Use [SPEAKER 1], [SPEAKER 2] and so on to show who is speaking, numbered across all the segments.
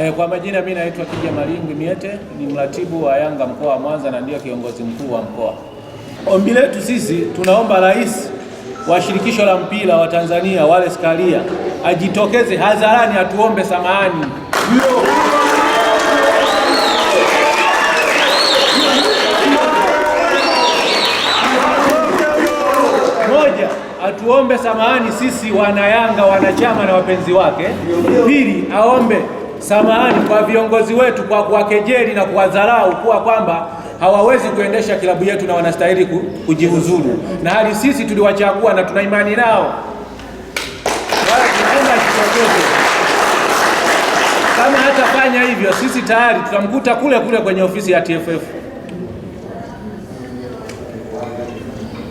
[SPEAKER 1] E, kwa majina mimi naitwa Kija Malingi Miete, ni mratibu wa Yanga mkoa wa Mwanza na ndio kiongozi mkuu wa mkoa. Ombi letu sisi tunaomba rais wa shirikisho la mpira wa Tanzania wale skalia ajitokeze hadharani atuombe samahani. Moja, atuombe samahani sisi wanayanga, wanachama na wapenzi wake. Pili, aombe samahani kwa viongozi wetu kwa kuwakejeli na kuwadharau kuwa kwamba hawawezi kuendesha kilabu yetu na wanastahili kujiuzulu, na hali sisi tuliwachagua na tuna imani nao kama hatafanya hivyo, sisi tayari tutamkuta kule kule kwenye ofisi ya TFF.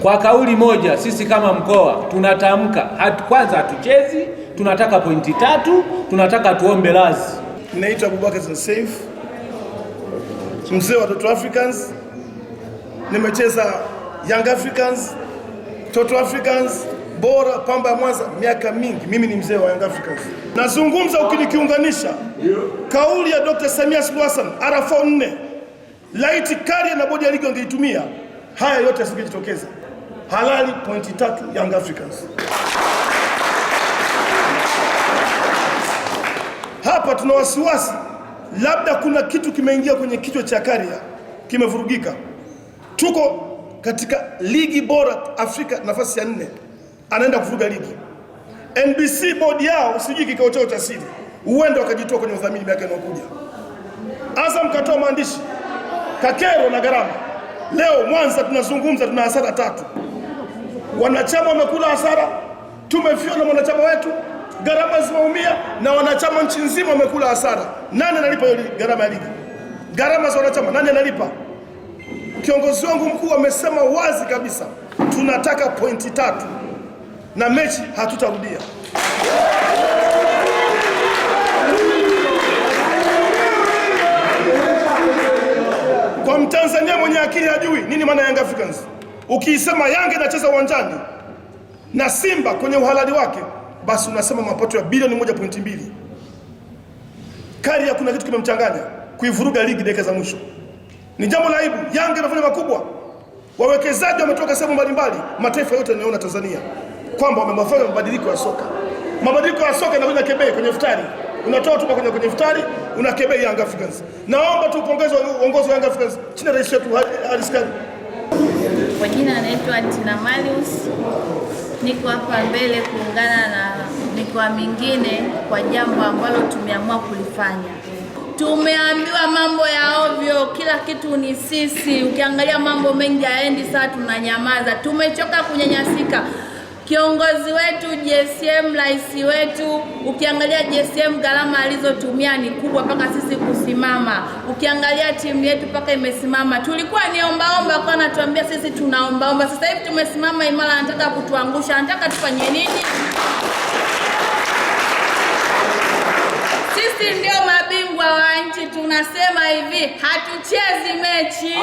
[SPEAKER 1] Kwa kauli moja, sisi kama mkoa tunatamka, kwanza hatuchezi, tunataka pointi tatu, tunataka tuombe lazi Ninaitwa Abubakar Saif, mzee wa Toto Africans. Nimecheza Young Africans, Toto Africans, Bora, Pamba ya Mwanza miaka mingi. Mimi ni mzee wa Young Africans, nazungumza ukinikiunganisha kauli ya Dr. Samia Suluhu Hassan arafa 4 laiti Karia na bodi ya ligi wangeitumia haya yote yasingejitokeza. Halali pointi tatu Young Africans. tuna wasiwasi labda kuna kitu kimeingia kwenye kichwa cha Karia kimevurugika. Tuko katika ligi bora Afrika nafasi ya nne, anaenda kuvuruga ligi. NBC bodi yao sijui kikao chao cha siri, huenda wakajitoa kwenye udhamini miaka inayokuja. Azam katoa maandishi kakero na gharama. Leo Mwanza tunazungumza, tuna hasara tatu, wanachama wamekula hasara, tumefiona mwanachama wetu gharama zimeumia na wanachama nchi nzima wamekula hasara. Nani analipa hiyo gharama ya ligi? Gharama za wanachama nani analipa? Kiongozi wangu mkuu amesema wazi kabisa, tunataka pointi tatu na mechi hatutarudia. Kwa mtanzania mwenye akili hajui nini maana Young Africans. Ukiisema Yanga inacheza uwanjani na Simba kwenye uhalali wake basi unasema mapato ya bilioni moja pointi mbili. Karia kuna kitu kimemchanganya kuivuruga ligi dakika za mwisho. Ni jambo la aibu. Yanga inafanya makubwa, wawekezaji wametoka sehemu mbalimbali, mataifa yote yanayoona Tanzania kwamba wamefanya mabadiliko ya soka. Mabadiliko ya soka yanakuja kebei kwenye futari, unatoa tupa kwenye kwenye futari, unakebei Young Africans. Naomba tupongeze uongozi wa Young Africans chini ya rais wetu Haris Kani.
[SPEAKER 2] Kwa jina anaitwa Tina Marius, niko hapa mbele kuungana na kwa mingine kwa jambo ambalo tumeamua kulifanya.
[SPEAKER 3] Tumeambiwa mambo ya ovyo, kila kitu ni sisi. Ukiangalia mambo mengi hayaendi sawa, tunanyamaza. Tumechoka kunyanyasika. Kiongozi wetu JSM, rais wetu, ukiangalia JSM gharama alizotumia ni kubwa mpaka sisi kusimama. Ukiangalia timu yetu mpaka imesimama. Tulikuwa ni ombaomba, kwa anatuambia sisi tunaombaomba. Sasa hivi tumesimama imara, anataka kutuangusha, anataka tufanye nini? sisi ndio mabingwa wa nchi, tunasema hivi, hatuchezi mechi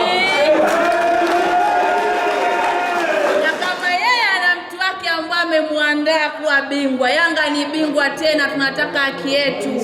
[SPEAKER 3] amemwandaa kuwa bingwa. Yanga ni bingwa tena, tunataka haki yetu.